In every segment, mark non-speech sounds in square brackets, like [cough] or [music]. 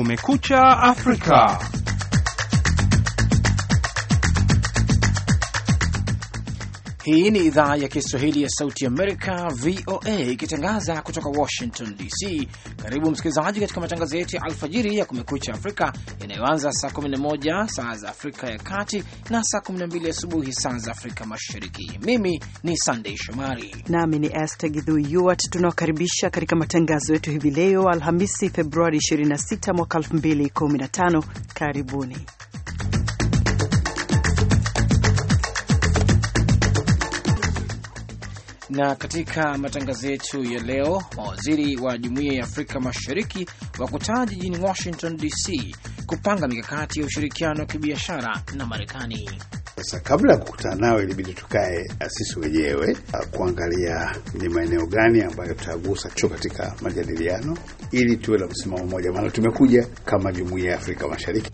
Kumekucha Afrika. Hii ni idhaa ya Kiswahili ya Sauti Amerika, VOA, ikitangaza kutoka Washington DC. Karibu msikilizaji katika matangazo yetu ya alfajiri ya Kumekucha Afrika yanayoanza saa 11 saa za Afrika ya Kati na saa 12 asubuhi saa za Afrika Mashariki. Mimi ni Sandei Shomari nami ni Esther Githuiyuat. Tunawakaribisha katika matangazo yetu hivi leo Alhamisi, Februari 26 mwaka 2015. Karibuni. Na katika matangazo yetu ya leo, mawaziri wa Jumuiya ya Afrika Mashariki wakutana jijini Washington DC kupanga mikakati ya ushirikiano wa kibiashara na Marekani. Sasa kabla ya kukutana nao, ilibidi tukae ah, sisi wenyewe ah, kuangalia ni maeneo gani ambayo tutagusa cho katika majadiliano, ili tuwe na msimamo mmoja, maana tumekuja kama jumuiya ya Afrika Mashariki.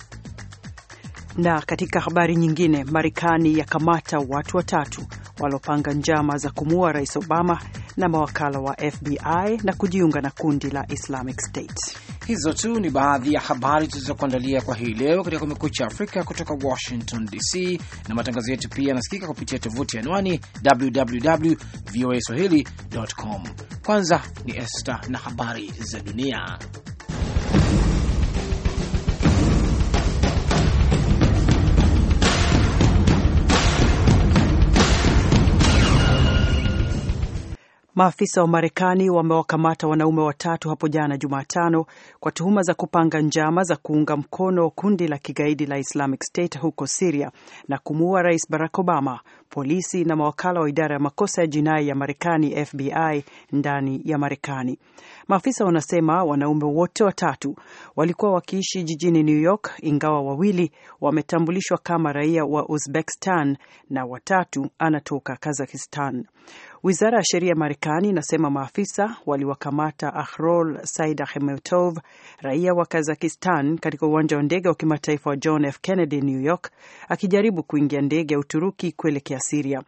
Na katika habari nyingine, Marekani yakamata watu watatu walopanga njama za kumuua Rais Obama na mawakala wa FBI na kujiunga na kundi la Islamic State. Hizo tu ni baadhi ya habari tulizokuandalia kwa hii leo katika Kumekucha Afrika kutoka Washington DC, na matangazo yetu pia yanasikika kupitia tovuti anwani www voa swahili.com. Kwanza ni Esta na habari za dunia. Maafisa wa Marekani wamewakamata wanaume watatu hapo jana Jumatano kwa tuhuma za kupanga njama za kuunga mkono kundi la kigaidi la Islamic State huko Siria na kumuua Rais Barack Obama, polisi na mawakala wa idara ya makosa ya jinai ya Marekani FBI ndani ya Marekani. Maafisa wanasema wanaume wote watatu walikuwa wakiishi jijini New York, ingawa wawili wametambulishwa kama raia wa Uzbekistan na watatu anatoka Kazakhstan. Wizara ya sheria ya Marekani inasema maafisa waliwakamata Ahrol Said Ahmetov, raia wa Kazakistan, katika uwanja wa ndege wa kimataifa wa John F. Kennedy, New York, akijaribu kuingia ndege ya Uturuki kuelekea Siria.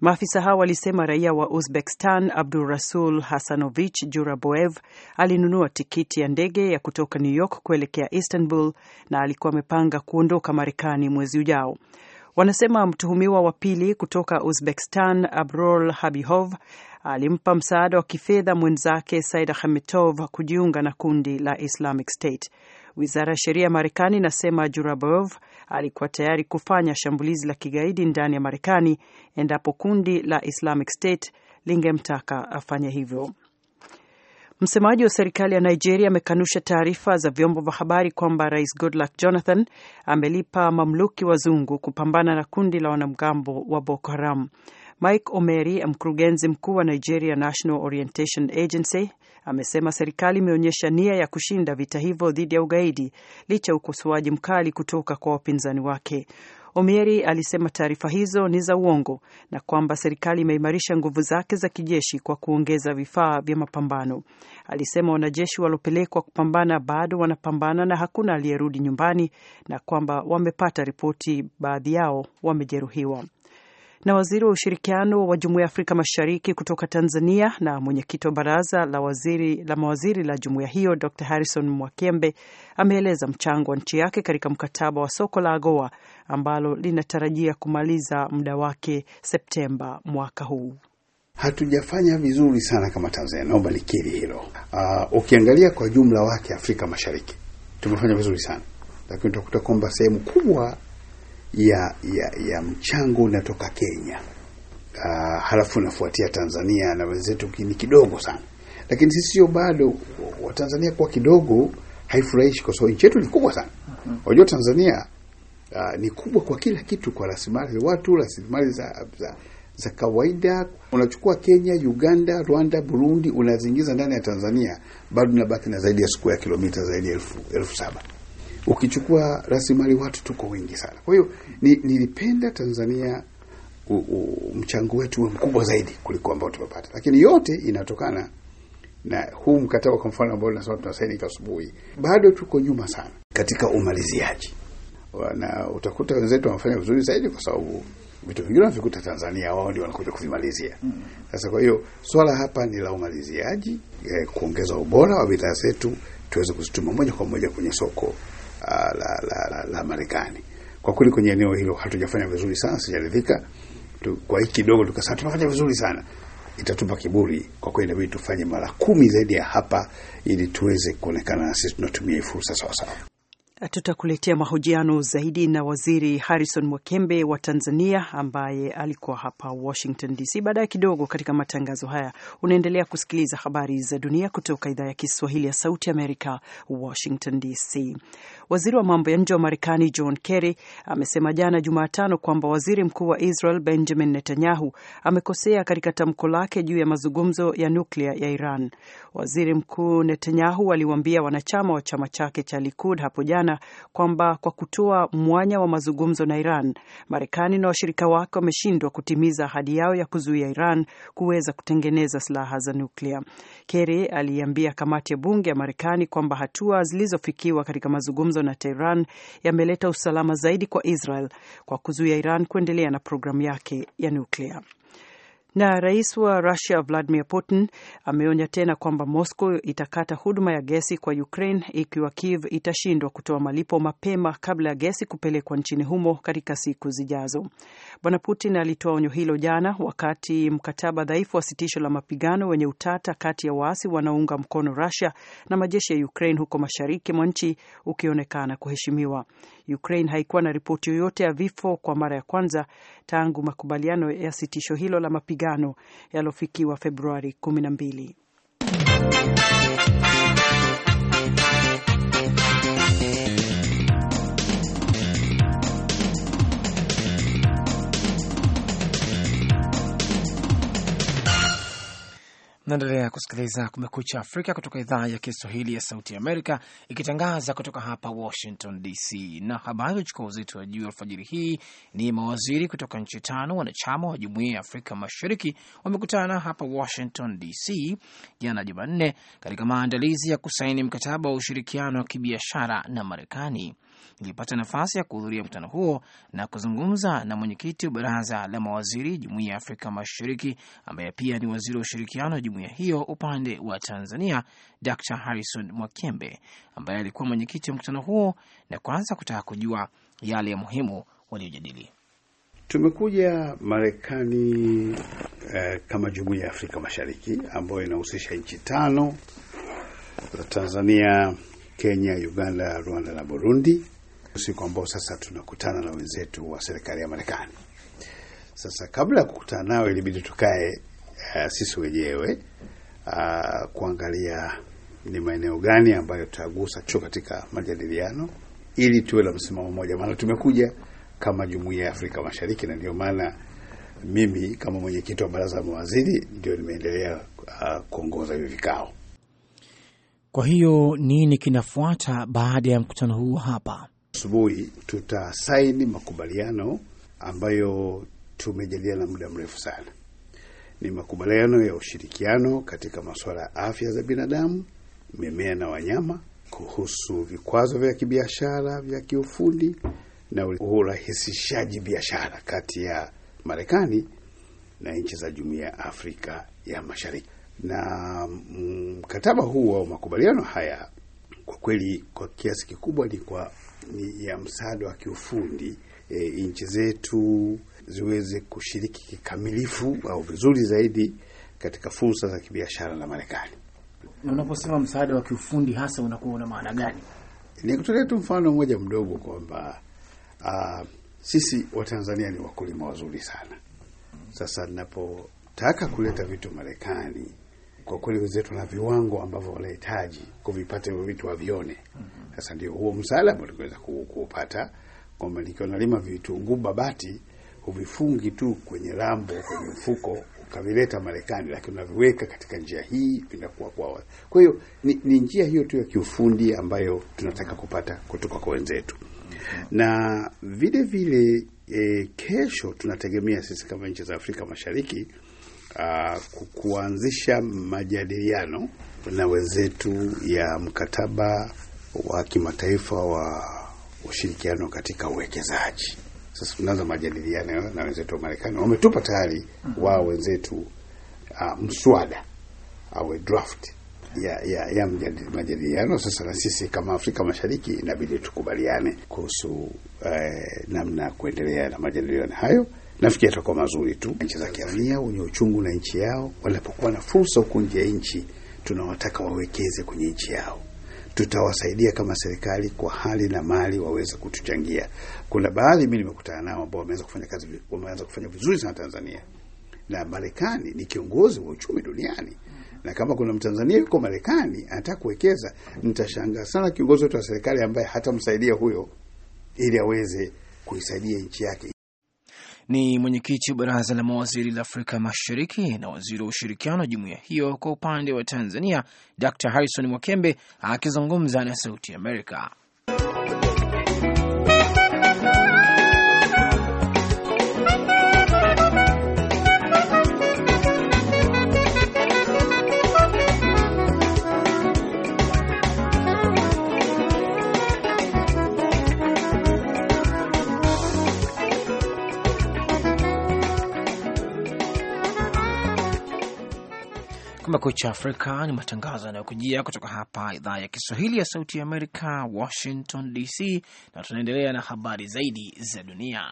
Maafisa hao walisema raia wa Uzbekistan abdul rasul Hasanovich Juraboev alinunua tikiti ya ndege ya kutoka New York kuelekea Istanbul na alikuwa amepanga kuondoka Marekani mwezi ujao. Wanasema mtuhumiwa wa pili kutoka Uzbekistan, Abrol Habihov, alimpa msaada wa kifedha mwenzake Saida hametov kujiunga na kundi la Islamic State. Wizara ya sheria ya Marekani inasema Jurabov alikuwa tayari kufanya shambulizi la kigaidi ndani ya Marekani endapo kundi la Islamic State lingemtaka afanye hivyo. Msemaji wa serikali ya Nigeria amekanusha taarifa za vyombo vya habari kwamba Rais Goodluck Jonathan amelipa mamluki wazungu kupambana na kundi la wanamgambo wa Boko Haram. Mike Omeri, mkurugenzi mkuu wa Nigeria National Orientation Agency, amesema serikali imeonyesha nia ya kushinda vita hivyo dhidi ya ugaidi licha ya ukosoaji mkali kutoka kwa wapinzani wake. Omieri alisema taarifa hizo ni za uongo na kwamba serikali imeimarisha nguvu zake za kijeshi kwa kuongeza vifaa vya mapambano. Alisema wanajeshi waliopelekwa kupambana bado wanapambana na hakuna aliyerudi nyumbani na kwamba wamepata ripoti baadhi yao wamejeruhiwa na waziri wa ushirikiano wa Jumuiya ya Afrika Mashariki kutoka Tanzania na mwenyekiti wa baraza la waziri la mawaziri la jumuiya hiyo Dr Harrison Mwakembe ameeleza mchango wa nchi yake katika mkataba wa soko la AGOA ambalo linatarajia kumaliza muda wake Septemba mwaka huu. Hatujafanya vizuri sana kama Tanzania, naomba nikiri hilo. Uh, ukiangalia kwa jumla wake Afrika Mashariki tumefanya vizuri sana, lakini utakuta kwamba sehemu kubwa ya ya ya mchango unatoka Kenya. Uh, halafu nafuatia Tanzania na wenzetu ni kidogo sana, lakini sisi sio bado Tanzania kwa kidogo haifurahishi kwa sababu nchi yetu ni kubwa sana. Mhm. Unajua Tanzania uh, ni kubwa kwa kila kitu, kwa rasilimali watu, rasilimali za, za za kawaida. Unachukua Kenya, Uganda, Rwanda, Burundi unazingiza ndani ya Tanzania, bado inabaki na zaidi ya siku ya kilomita zaidi ya elfu, elfu saba ukichukua rasilimali watu tuko wengi sana. Kwa hiyo ni, nilipenda Tanzania mchango wetu uwe mkubwa zaidi kuliko ambao tumepata, lakini yote inatokana na huu mkataba. Kwa mfano ambao nasema tunasaini asubuhi, bado tuko nyuma sana katika umaliziaji, na utakuta wenzetu wanafanya vizuri zaidi kwa sababu vitu vingine wanavikuta Tanzania, wao ndio wanakuja kuvimalizia. Sasa kwa hiyo swala hapa ni la umaliziaji, eh, kuongeza ubora wa bidhaa zetu tuweze kuzituma moja kwa moja kwenye soko uh, la, la, la, la Marekani. Kwa kweli kwenye eneo hilo hatujafanya vizuri sana, sijaridhika kwa hiki kidogo, tukasema tumefanya vizuri sana, itatupa kiburi kwa kweli, inabidi tufanye mara kumi zaidi ya hapa, ili tuweze kuonekana na sisi tunatumia hii fursa sawasawa. Tutakuletea mahojiano zaidi na waziri Harrison Mwakembe wa Tanzania ambaye alikuwa hapa Washington DC baadaye kidogo katika matangazo haya. Unaendelea kusikiliza habari za dunia kutoka idhaa ya Kiswahili ya Sauti Amerika, Washington DC. Waziri wa mambo ya nje wa Marekani John Kerry amesema jana Jumatano kwamba waziri mkuu wa Israel Benjamin Netanyahu amekosea katika tamko lake juu ya mazungumzo ya nuklia ya Iran. Waziri Mkuu Netanyahu aliwaambia wanachama wa chama chake cha Likud hapo jana jana kwamba kwa kutoa mwanya wa mazungumzo na Iran, Marekani na washirika wake wameshindwa kutimiza ahadi yao ya kuzuia Iran kuweza kutengeneza silaha za nuklia. Kerry aliambia kamati ya bunge ya Marekani kwamba hatua zilizofikiwa katika mazungumzo na Tehran yameleta usalama zaidi kwa Israel kwa kuzuia Iran kuendelea na programu yake ya nuklia. Na rais wa Russia Vladimir Putin ameonya tena kwamba Moscow itakata huduma ya gesi kwa Ukraine ikiwa Kiev itashindwa kutoa malipo mapema kabla ya gesi kupelekwa nchini humo katika siku zijazo. Bwana Putin alitoa onyo hilo jana wakati mkataba dhaifu wa sitisho la mapigano wenye utata kati ya waasi wanaounga mkono Russia na majeshi ya Ukraine huko mashariki mwa nchi ukionekana kuheshimiwa. Ukraine haikuwa na ripoti yoyote ya vifo kwa mara ya kwanza tangu makubaliano ya sitisho hilo la mapigano makubaliano yaliyofikiwa Februari 12. Naendelea kusikiliza Kumekucha Afrika kutoka idhaa ya Kiswahili ya Sauti ya Amerika, ikitangaza kutoka hapa Washington DC. Na habari uchukua uzito wa juu alfajiri hii ni mawaziri kutoka nchi tano wanachama wa Jumuiya ya Afrika Mashariki wamekutana hapa Washington DC jana Jumanne katika maandalizi ya kusaini mkataba wa ushirikiano wa kibiashara na Marekani nilipata nafasi ya kuhudhuria mkutano huo na kuzungumza na mwenyekiti wa baraza la mawaziri jumuiya ya Afrika Mashariki, ambaye pia ni waziri wa ushirikiano wa jumuiya hiyo upande wa Tanzania, Dr Harrison Mwakembe, ambaye alikuwa mwenyekiti wa mkutano huo, na kwanza kutaka kujua yale ya muhimu waliojadili. Tumekuja Marekani eh, kama jumuiya ya Afrika Mashariki ambayo inahusisha nchi tano: za Tanzania, Kenya, Uganda, Rwanda na Burundi, siku ambao sasa tunakutana na wenzetu wa serikali ya Marekani. Sasa kabla ya kukutana nao, ilibidi tukae uh, sisi wenyewe uh, kuangalia ni maeneo gani ambayo tutagusa cho katika majadiliano ili tuwe na msimamo mmoja, maana tumekuja kama jumuiya ya Afrika Mashariki, na ndio maana mimi kama mwenyekiti wa baraza la mawaziri ndio nimeendelea uh, kuongoza hivi vikao. Kwa hiyo nini kinafuata baada ya mkutano huu hapa? Asubuhi tutasaini makubaliano ambayo tumejadiliana muda mrefu sana. Ni makubaliano ya ushirikiano katika masuala ya afya za binadamu, mimea na wanyama, kuhusu vikwazo vya kibiashara vya kiufundi na urahisishaji biashara kati ya Marekani na nchi za Jumuiya ya Afrika ya Mashariki. Na mkataba huu wa makubaliano haya kwa kweli kwa kiasi kikubwa ni kwa ni ya msaada wa kiufundi e, nchi zetu ziweze kushiriki kikamilifu au vizuri zaidi katika fursa za kibiashara na Marekani. Na unaposema msaada wa kiufundi hasa unakuwa una maana gani? Nikutolea tu mfano mmoja mdogo kwamba sisi Watanzania ni wakulima wazuri sana. Sasa ninapotaka kuleta vitu Marekani kwa kweli wenzetu na viwango ambavyo wanahitaji kuvipata hivyo vitu wavione. Mhm. Sasa ndio huo msaada ambao tukiweza kuupata, kwamba nikiwa nalima vitunguu Babati huvifungi tu kwenye rambo, kwenye mfuko ukavileta Marekani, lakini unaviweka katika njia hii vinakuwa kwa. Kwa hiyo ni, ni njia hiyo tu ya kiufundi ambayo tunataka kupata kutoka kwa wenzetu mhm. na vile vile e, kesho tunategemea sisi kama nchi za Afrika Mashariki uh, kuanzisha majadiliano na wenzetu ya mkataba wa kimataifa wa ushirikiano katika uwekezaji. Sasa tunaanza majadiliano na wenzetu wa Marekani, wametupa tayari hmm. wao wenzetu uh, mswada au draft ya ya, ya majadiliano. Sasa na sisi kama Afrika Mashariki inabidi tukubaliane kuhusu eh, namna ya kuendelea na majadiliano hayo nafikiri atakuwa mazuri tu. Nchi za Kiafrika wenye uchungu na nchi yao walipokuwa na fursa huko nje ya nchi, tunawataka wawekeze kwenye nchi yao. Tutawasaidia kama serikali kwa hali na mali waweze kutuchangia. Kuna baadhi mimi nimekutana nao ambao wameanza kufanya kazi, wameanza kufanya vizuri sana Tanzania, na Marekani ni kiongozi wa uchumi duniani na kama kuna Mtanzania yuko Marekani anataka kuwekeza, nitashangaa sana kiongozi wetu wa serikali ambaye hatamsaidia huyo ili aweze kuisaidia nchi yake ni mwenyekiti wa baraza la mawaziri la Afrika Mashariki na waziri wa ushirikiano wa jumuiya hiyo kwa upande wa Tanzania, Dr Harrison Mwakembe akizungumza na Sauti Amerika. Kumekucha Afrika ni matangazo yanayokujia kutoka hapa idhaa ya Kiswahili ya Sauti ya Amerika, Washington DC, na tunaendelea na habari zaidi za dunia.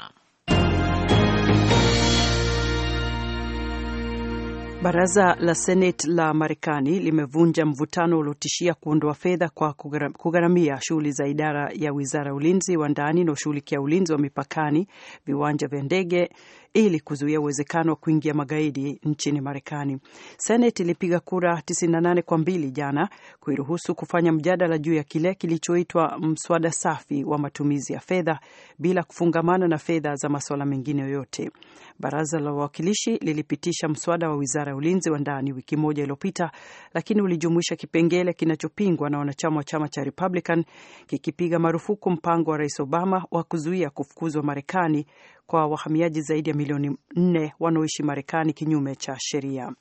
Baraza la Seneti la Marekani limevunja mvutano uliotishia kuondoa fedha kwa kugharamia shughuli za idara ya wizara ya ulinzi wa ndani na no ushughulikia ulinzi wa mipakani, viwanja vya ndege ili kuzuia uwezekano wa kuingia magaidi nchini Marekani. Seneti ilipiga kura 98 kwa mbili jana kuiruhusu kufanya mjadala juu ya kile kilichoitwa mswada safi wa matumizi ya fedha bila kufungamana na fedha za masuala mengine yoyote. Baraza la Wawakilishi lilipitisha mswada wa wizara ya ulinzi wa ndani wiki moja iliyopita, lakini ulijumuisha kipengele kinachopingwa na wanachama wa chama cha Republican kikipiga marufuku mpango wa Rais Obama wa kuzuia kufukuzwa Marekani kwa wahamiaji zaidi ya milioni nne wanaoishi Marekani kinyume cha sheria.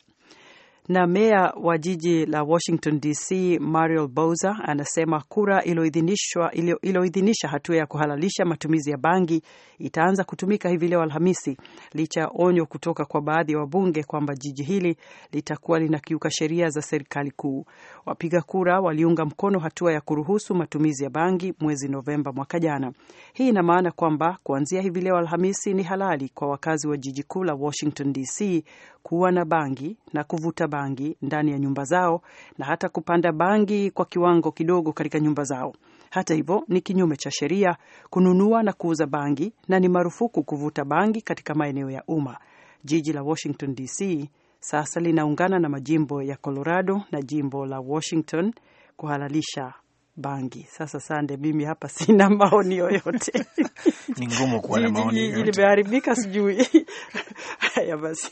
Na meya wa jiji la Washington DC Mariel Bowser anasema kura iliyoidhinisha hatua ya kuhalalisha matumizi ya bangi itaanza kutumika hivi leo Alhamisi, licha ya onyo kutoka kwa baadhi ya wa wabunge kwamba jiji hili litakuwa linakiuka sheria za serikali kuu. Wapiga kura waliunga mkono hatua ya kuruhusu matumizi ya bangi mwezi Novemba mwaka jana. Hii ina maana kwamba kuanzia hivi leo Alhamisi ni halali kwa wakazi wa jiji kuu la Washington DC kuwa na bangi na kuvuta bangi ndani ya nyumba zao na hata kupanda bangi kwa kiwango kidogo katika nyumba zao. Hata hivyo, ni kinyume cha sheria kununua na kuuza bangi na ni marufuku kuvuta bangi katika maeneo ya umma. Jiji la Washington DC sasa linaungana na majimbo ya Colorado na jimbo la Washington kuhalalisha bangi. Sasa Sande, mimi hapa [laughs] sina maoni yoyote. Ni ngumu kuwa na maoni yoyote, limeharibika sijui. [laughs] Haya basi.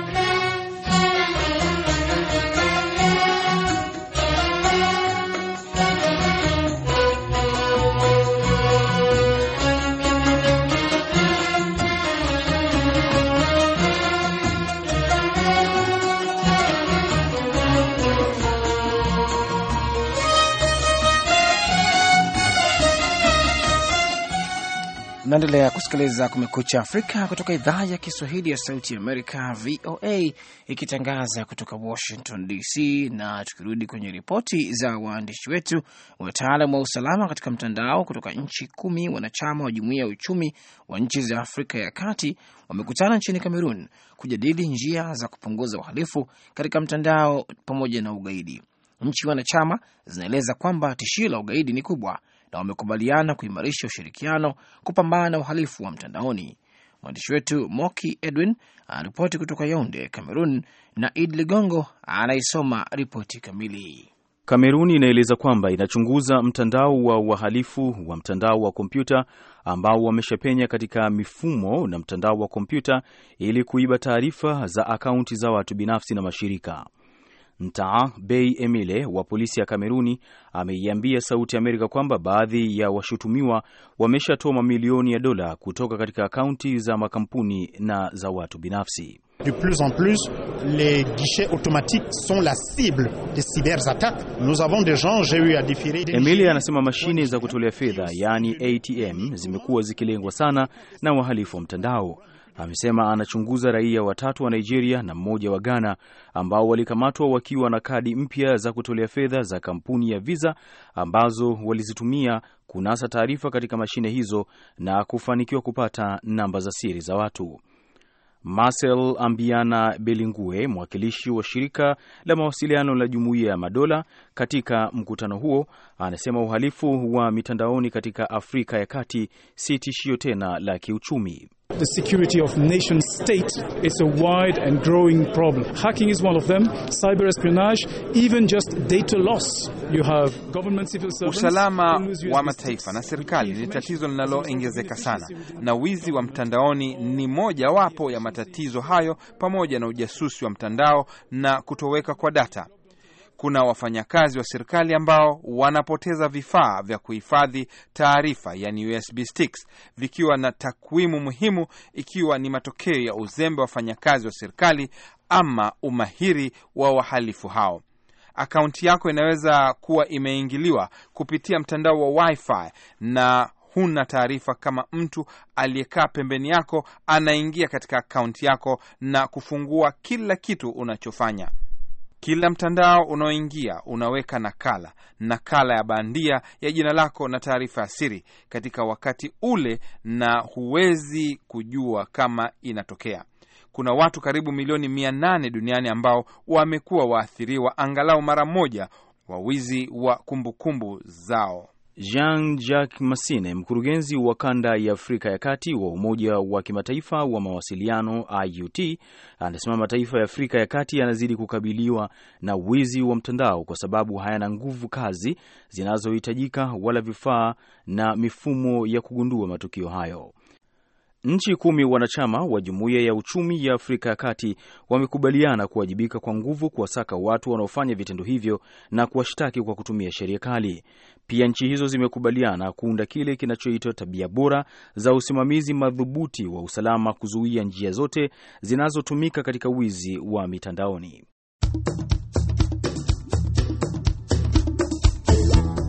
Naendelea kusikiliza Kumekucha Afrika kutoka idhaa ya Kiswahili ya Sauti ya Amerika, VOA, ikitangaza kutoka Washington DC. Na tukirudi kwenye ripoti za waandishi wetu, wataalam wa usalama katika mtandao kutoka nchi kumi wanachama wa Jumuiya ya Uchumi wa Nchi za Afrika ya Kati wamekutana nchini Kamerun kujadili njia za kupunguza uhalifu katika mtandao pamoja na ugaidi. Nchi wanachama zinaeleza kwamba tishio la ugaidi ni kubwa na wamekubaliana kuimarisha ushirikiano kupambana na uhalifu wa mtandaoni. Mwandishi wetu Moki Edwin anaripoti kutoka Yaunde, Kamerun, na Id Ligongo anaisoma ripoti kamili. Kamerun inaeleza kwamba inachunguza mtandao wa wahalifu wa mtandao wa kompyuta ambao wameshapenya katika mifumo na mtandao wa kompyuta ili kuiba taarifa za akaunti za watu binafsi na mashirika. Ntaa Bei Emile wa polisi ya Kameruni ameiambia Sauti Amerika kwamba baadhi ya washutumiwa wameshatoa mamilioni ya dola kutoka katika akaunti za makampuni na za watu binafsi. De plus en plus, les guichets automatiques sont la cible Nous avons des gens, j'ai eu à anasema mashine za kutolea fedha yaani ATM zimekuwa zikilengwa sana na wahalifu wa mtandao amesema anachunguza raia watatu wa Nigeria na mmoja wa Ghana ambao walikamatwa wakiwa na kadi mpya za kutolea fedha za kampuni ya Visa ambazo walizitumia kunasa taarifa katika mashine hizo na kufanikiwa kupata namba za siri za watu. Marcel Ambiana Belingue, mwakilishi wa shirika la mawasiliano la Jumuiya ya Madola katika mkutano huo, anasema uhalifu wa mitandaoni katika Afrika ya Kati si tishio tena la kiuchumi. The security of nation state is a wide and growing problem. Hacking is one of them, cyber espionage, even just data loss. You have government civil servants. Usalama wa mataifa na serikali ni tatizo linaloongezeka sana, na wizi wa mtandaoni ni moja wapo ya matatizo hayo, pamoja na ujasusi wa mtandao na kutoweka kwa data kuna wafanyakazi wa serikali ambao wanapoteza vifaa vya kuhifadhi taarifa, yani USB sticks, vikiwa na takwimu muhimu, ikiwa ni matokeo ya uzembe wa wafanyakazi wa serikali ama umahiri wa wahalifu hao. Akaunti yako inaweza kuwa imeingiliwa kupitia mtandao wa wifi na huna taarifa kama mtu aliyekaa pembeni yako anaingia katika akaunti yako na kufungua kila kitu unachofanya. Kila mtandao unaoingia unaweka nakala, nakala ya bandia ya jina lako na taarifa ya siri katika wakati ule, na huwezi kujua kama inatokea. Kuna watu karibu milioni mia nane duniani ambao wamekuwa waathiriwa angalau mara moja wa wizi wa kumbukumbu zao. Jean-Jacques Masine, mkurugenzi wa kanda ya Afrika ya Kati wa Umoja wa Kimataifa wa Mawasiliano IUT, anasema mataifa ya Afrika ya Kati yanazidi kukabiliwa na wizi wa mtandao kwa sababu hayana nguvu kazi zinazohitajika wala vifaa na mifumo ya kugundua matukio hayo. Nchi kumi wanachama wa Jumuiya ya Uchumi ya Afrika ya Kati wamekubaliana kuwajibika kwa nguvu kuwasaka watu wanaofanya vitendo hivyo na kuwashtaki kwa kutumia sheria kali. Pia nchi hizo zimekubaliana kuunda kile kinachoitwa tabia bora za usimamizi madhubuti wa usalama, kuzuia njia zote zinazotumika katika wizi wa mitandaoni.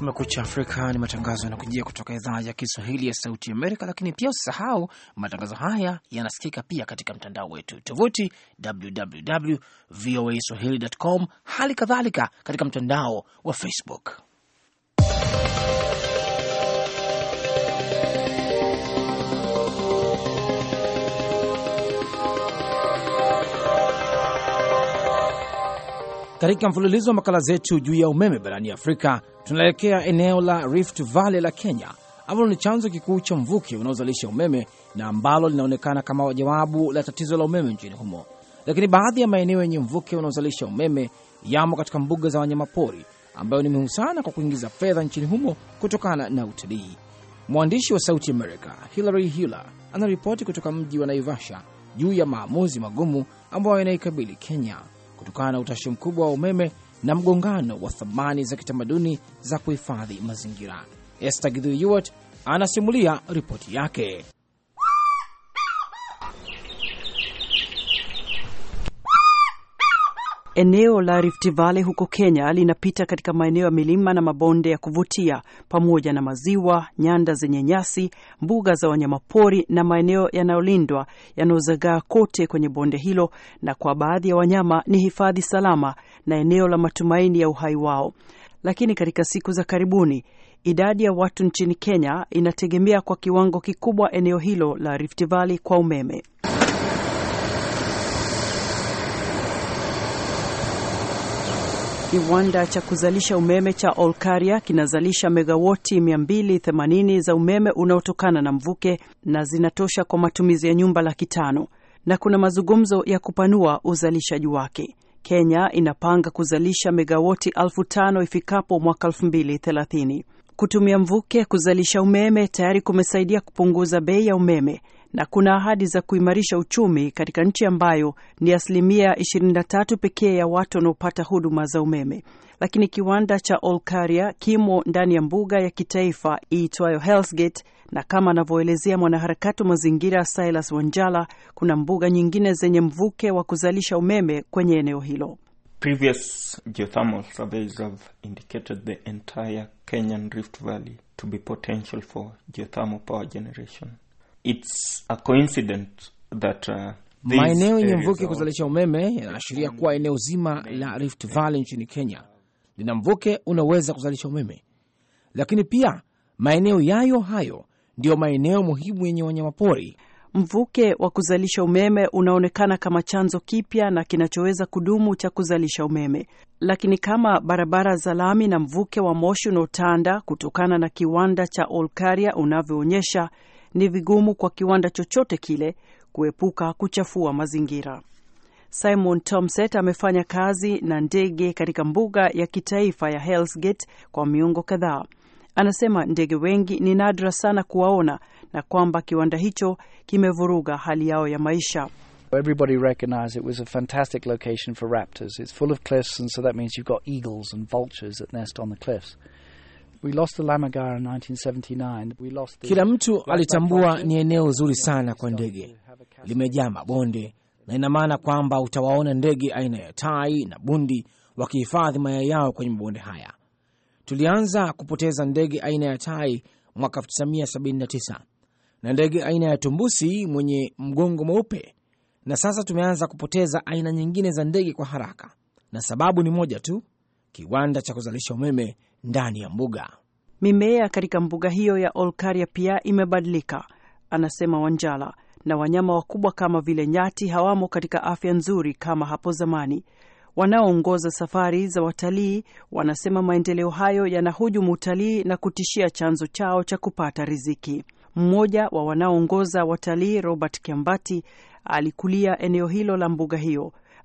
Kumekucha Afrika ni matangazo yanakujia kutoka idhaa ya Kiswahili ya Sauti Amerika, lakini pia usisahau matangazo haya yanasikika pia katika mtandao wetu tovuti www voa swahili.com, hali kadhalika katika mtandao wa Facebook. Katika mfululizo wa makala zetu juu ya umeme barani Afrika, Tunaelekea eneo la Rift Valley la Kenya ambalo ni chanzo kikuu cha mvuke unaozalisha umeme na ambalo linaonekana kama jawabu la tatizo la umeme nchini humo. Lakini baadhi ya maeneo yenye mvuke unaozalisha umeme yamo katika mbuga za wanyamapori ambayo ni muhimu sana kwa kuingiza fedha nchini humo kutokana na utalii. Mwandishi wa Sauti america Hilary Hiller anaripoti kutoka mji wa Naivasha juu ya maamuzi magumu ambayo yanaikabili Kenya kutokana na utashi mkubwa wa umeme na mgongano wa thamani za kitamaduni za kuhifadhi mazingira. Esther Githui anasimulia ripoti yake. Eneo la Rift Valley huko Kenya linapita katika maeneo ya milima na mabonde ya kuvutia pamoja na maziwa, nyanda zenye nyasi, mbuga za wanyamapori na maeneo yanayolindwa yanayozagaa kote kwenye bonde hilo, na kwa baadhi ya wanyama ni hifadhi salama na eneo la matumaini ya uhai wao. Lakini katika siku za karibuni idadi ya watu nchini Kenya inategemea kwa kiwango kikubwa eneo hilo la Rift Valley kwa umeme. Kiwanda cha kuzalisha umeme cha Olkaria kinazalisha megawati 280 za umeme unaotokana na mvuke na zinatosha kwa matumizi ya nyumba laki tano na kuna mazungumzo ya kupanua uzalishaji wake. Kenya inapanga kuzalisha megawati elfu tano ifikapo mwaka 2030. Kutumia mvuke kuzalisha umeme tayari kumesaidia kupunguza bei ya umeme na kuna ahadi za kuimarisha uchumi katika nchi ambayo ni asilimia 23 pekee ya watu wanaopata huduma za umeme, lakini kiwanda cha Olkaria kimo ndani ya mbuga ya kitaifa iitwayo Hell's Gate, na kama anavyoelezea mwanaharakati wa mazingira Silas Wanjala, kuna mbuga nyingine zenye mvuke wa kuzalisha umeme kwenye eneo hilo. Previous geothermal surveys have indicated the entire Kenyan Rift Valley to be potential for geothermal power generation it's a that uh, maeneo yenye mvuke kuzalisha umeme yanaashiria kuwa eneo zima la Rift Valley nchini Kenya lina mvuke unaweza kuzalisha umeme, lakini pia maeneo yayo hayo ndiyo maeneo muhimu yenye wanyamapori. Mvuke wa kuzalisha umeme unaonekana kama chanzo kipya na kinachoweza kudumu cha kuzalisha umeme, lakini kama barabara za lami na mvuke wa moshi unaotanda kutokana na kiwanda cha Olkaria unavyoonyesha, ni vigumu kwa kiwanda chochote kile kuepuka kuchafua mazingira. Simon Tomset amefanya kazi na ndege katika mbuga ya kitaifa ya Hell's Gate kwa miongo kadhaa. Anasema ndege wengi ni nadra sana kuwaona na kwamba kiwanda hicho kimevuruga hali yao ya maisha. Everybody recognized it was a fantastic location for raptors. It's full of cliffs and so that means you've got eagles and vultures that nest on the cliffs. Kila mtu alitambua ni eneo zuri sana kwa ndege, limejaa mabonde, na ina maana kwamba utawaona ndege aina ya tai na bundi wakihifadhi mayai yao kwenye mabonde haya. Tulianza kupoteza ndege aina ya tai mwaka 1979 na ndege aina ya tumbusi mwenye mgongo mweupe, na sasa tumeanza kupoteza aina nyingine za ndege kwa haraka, na sababu ni moja tu, kiwanda cha kuzalisha umeme ndani ya mbuga. Mimea katika mbuga hiyo ya Olkaria pia imebadilika, anasema Wanjala, na wanyama wakubwa kama vile nyati hawamo katika afya nzuri kama hapo zamani. Wanaoongoza safari za watalii wanasema maendeleo hayo yanahujumu utalii na kutishia chanzo chao cha kupata riziki. Mmoja wa wanaoongoza watalii Robert Kiambati alikulia eneo hilo la mbuga hiyo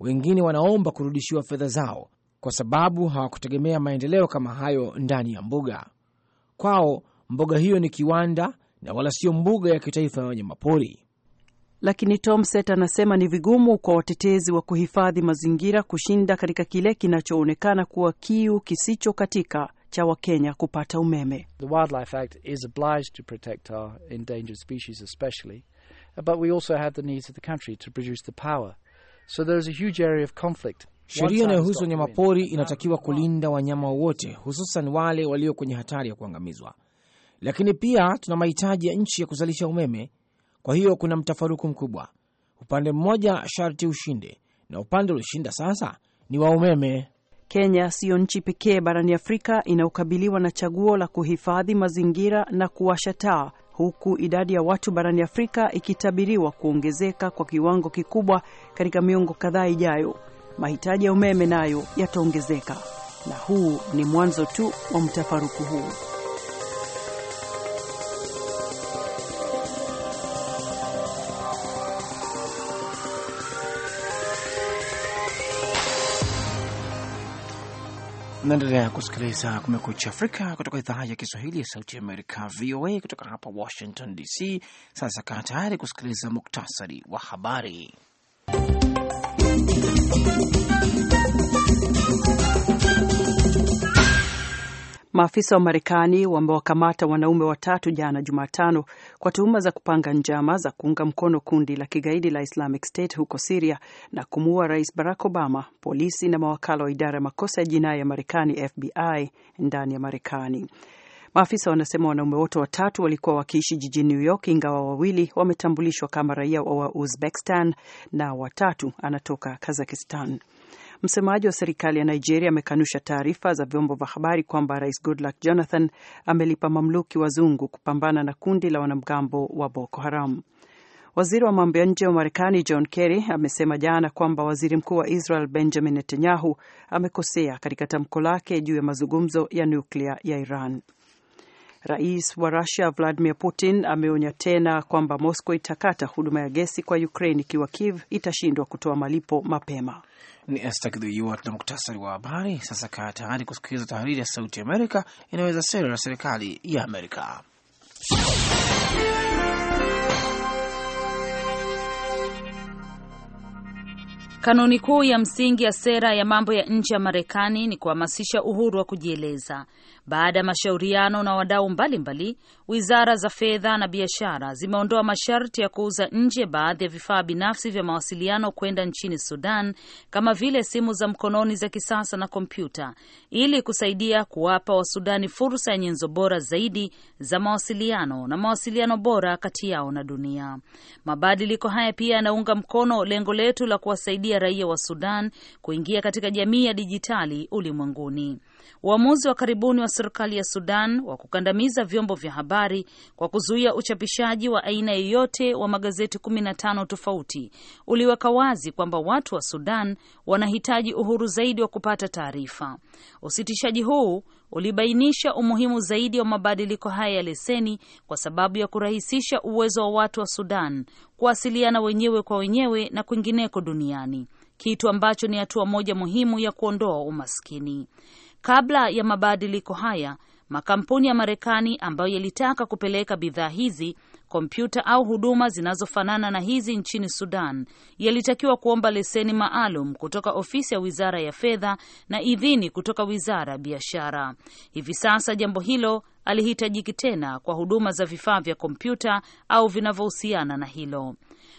wengine wanaomba kurudishiwa fedha zao kwa sababu hawakutegemea maendeleo kama hayo ndani ya mbuga. Kwao mbuga hiyo ni kiwanda na wala sio mbuga ya kitaifa ya wanyamapori. Lakini Tomset anasema ni vigumu kwa watetezi wa kuhifadhi mazingira kushinda katika kile kinachoonekana kuwa kiu kisicho katika cha Wakenya kupata umeme. The Wildlife Act is obliged to protect our endangered species especially, but we also have the needs of the country to produce the power So there's a huge area of conflict. Sheria inayohusu pori inatakiwa kulinda wanyama wote, hususan wale walio kwenye hatari ya kuangamizwa, lakini pia tuna mahitaji ya nchi ya kuzalisha umeme. Kwa hiyo kuna mtafaruku mkubwa. Upande mmoja sharti ushinde, na upande ulioshinda sasa ni wa umeme. Kenya siyo nchi pekee barani Afrika inayokabiliwa na chaguo la kuhifadhi mazingira na kuwasha taa, huku idadi ya watu barani Afrika ikitabiriwa kuongezeka kwa kiwango kikubwa katika miongo kadhaa ijayo. Mahitaji ya umeme nayo yataongezeka, na huu ni mwanzo tu wa mtafaruku huu. Naendelea kusikiliza Kumekucha Afrika kutoka idhaa ya Kiswahili ya Sauti Amerika, VOA, kutoka hapa Washington DC. Sasa kaa tayari kusikiliza muktasari wa habari. Maafisa wa Marekani wamewakamata wanaume watatu jana Jumatano kwa tuhuma za kupanga njama za kuunga mkono kundi la kigaidi la Islamic State huko Siria na kumuua Rais Barack Obama, polisi na mawakala wa idara ya makosa ya jinai ya Marekani FBI ndani ya Marekani. Maafisa wanasema wanaume wote watatu walikuwa wakiishi jijini New York, ingawa wawili wametambulishwa kama raia wa Uzbekistan na watatu anatoka kazakistan Msemaji wa serikali ya Nigeria amekanusha taarifa za vyombo vya habari kwamba Rais Goodluck Jonathan amelipa mamluki wazungu kupambana na kundi la wanamgambo wa Boko Haram. Waziri wa mambo ya nje wa Marekani John Kerry amesema jana kwamba waziri mkuu wa Israel Benjamin Netanyahu amekosea katika tamko lake juu ya mazungumzo ya nyuklia ya Iran. Rais wa Rusia Vladimir Putin ameonya tena kwamba Moscow itakata huduma ya gesi kwa Ukraine ikiwa Kiev itashindwa kutoa malipo mapema ni Esther Gidhuyuat na muktasari wa habari. Sasa kaa tayari kusikiliza tahariri ya Sauti Amerika inaweza sera ya serikali ya Amerika. Kanuni kuu ya msingi ya sera ya mambo ya nje ya Marekani ni kuhamasisha uhuru wa kujieleza. Baada ya mashauriano na wadau mbalimbali, wizara za fedha na biashara zimeondoa masharti ya kuuza nje baadhi ya vifaa binafsi vya mawasiliano kwenda nchini Sudan, kama vile simu za mkononi za kisasa na kompyuta, ili kusaidia kuwapa Wasudani fursa ya nyenzo bora zaidi za mawasiliano na mawasiliano bora kati yao na dunia. Mabadiliko haya pia yanaunga mkono lengo letu la kuwasaidia raia wa Sudan kuingia katika jamii ya dijitali ulimwenguni. Uamuzi wa karibuni wa serikali ya Sudan wa kukandamiza vyombo vya habari kwa kuzuia uchapishaji wa aina yoyote wa magazeti 15 tofauti uliweka wazi kwamba watu wa Sudan wanahitaji uhuru zaidi wa kupata taarifa. Usitishaji huu ulibainisha umuhimu zaidi wa mabadiliko haya ya leseni kwa sababu ya kurahisisha uwezo wa watu wa Sudan kuwasiliana wenyewe kwa wenyewe na kwingineko duniani, kitu ambacho ni hatua moja muhimu ya kuondoa umaskini. Kabla ya mabadiliko haya, makampuni ya Marekani ambayo yalitaka kupeleka bidhaa hizi, kompyuta au huduma zinazofanana na hizi nchini Sudan yalitakiwa kuomba leseni maalum kutoka ofisi ya Wizara ya Fedha na idhini kutoka Wizara ya Biashara. Hivi sasa jambo hilo alihitajiki tena kwa huduma za vifaa vya kompyuta au vinavyohusiana na hilo.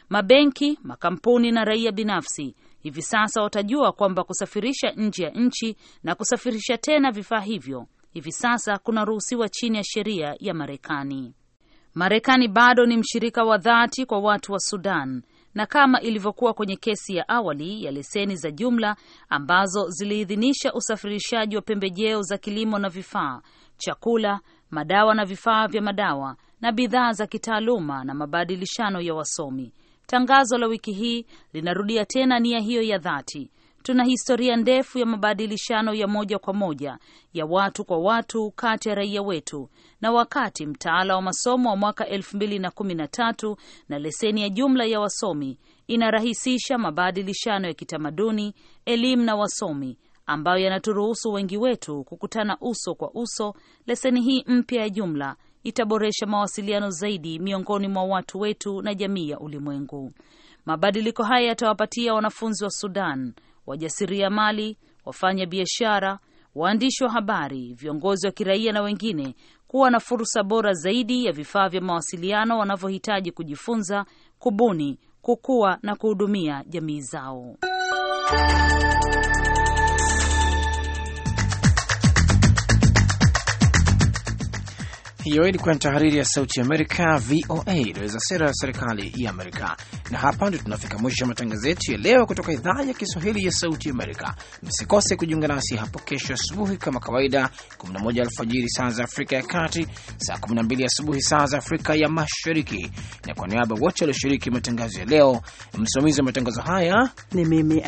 Mabenki, makampuni na raia binafsi Hivi sasa watajua kwamba kusafirisha nje ya nchi na kusafirisha tena vifaa hivyo hivi sasa kunaruhusiwa chini ya sheria ya Marekani. Marekani bado ni mshirika wa dhati kwa watu wa Sudan, na kama ilivyokuwa kwenye kesi ya awali ya leseni za jumla ambazo ziliidhinisha usafirishaji wa pembejeo za kilimo na vifaa, chakula, madawa na vifaa vya madawa na bidhaa za kitaaluma na mabadilishano ya wasomi, Tangazo la wiki hii linarudia tena nia hiyo ya dhati. Tuna historia ndefu ya mabadilishano ya moja kwa moja ya watu kwa watu kati ya raia wetu, na wakati mtaala wa masomo wa mwaka 2013 na leseni ya jumla ya wasomi inarahisisha mabadilishano ya kitamaduni, elimu na wasomi ambayo yanaturuhusu wengi wetu kukutana uso kwa uso, leseni hii mpya ya jumla itaboresha mawasiliano zaidi miongoni mwa watu wetu na jamii ya ulimwengu. Mabadiliko haya yatawapatia wanafunzi wa Sudan, wajasiriamali, wafanya biashara, waandishi wa habari, viongozi wa kiraia na wengine kuwa na fursa bora zaidi ya vifaa vya mawasiliano wanavyohitaji kujifunza, kubuni, kukua na kuhudumia jamii zao. Hiyo ilikuwa ni tahariri ya Sauti Amerika VOA iliweza sera ya serikali ya Amerika. Na hapa ndio tunafika mwisho wa matangazo yetu ya leo kutoka idhaa ya Kiswahili ya Sauti Amerika. Msikose kujiunga nasi hapo kesho asubuhi kama kawaida, 11 alfajiri saa za Afrika ya Kati, saa 12 asubuhi saa za Afrika ya Mashariki. Na kwa niaba wote walioshiriki matangazo ya leo, msimamizi wa matangazo haya ni mimi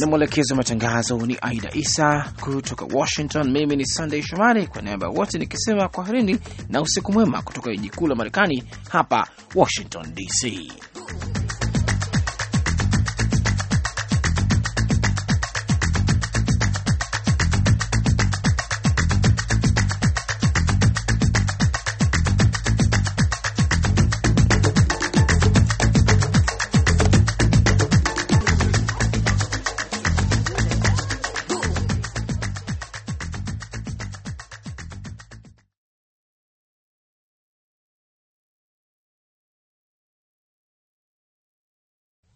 na mwelekezi wa matangazo ni Aida Isa kutoka Washington. Mimi ni Sunday Shomari, kwa niaba wote nikisema kwa kwaherini na usiku mwema kutoka jiji kuu la Marekani, hapa Washington DC.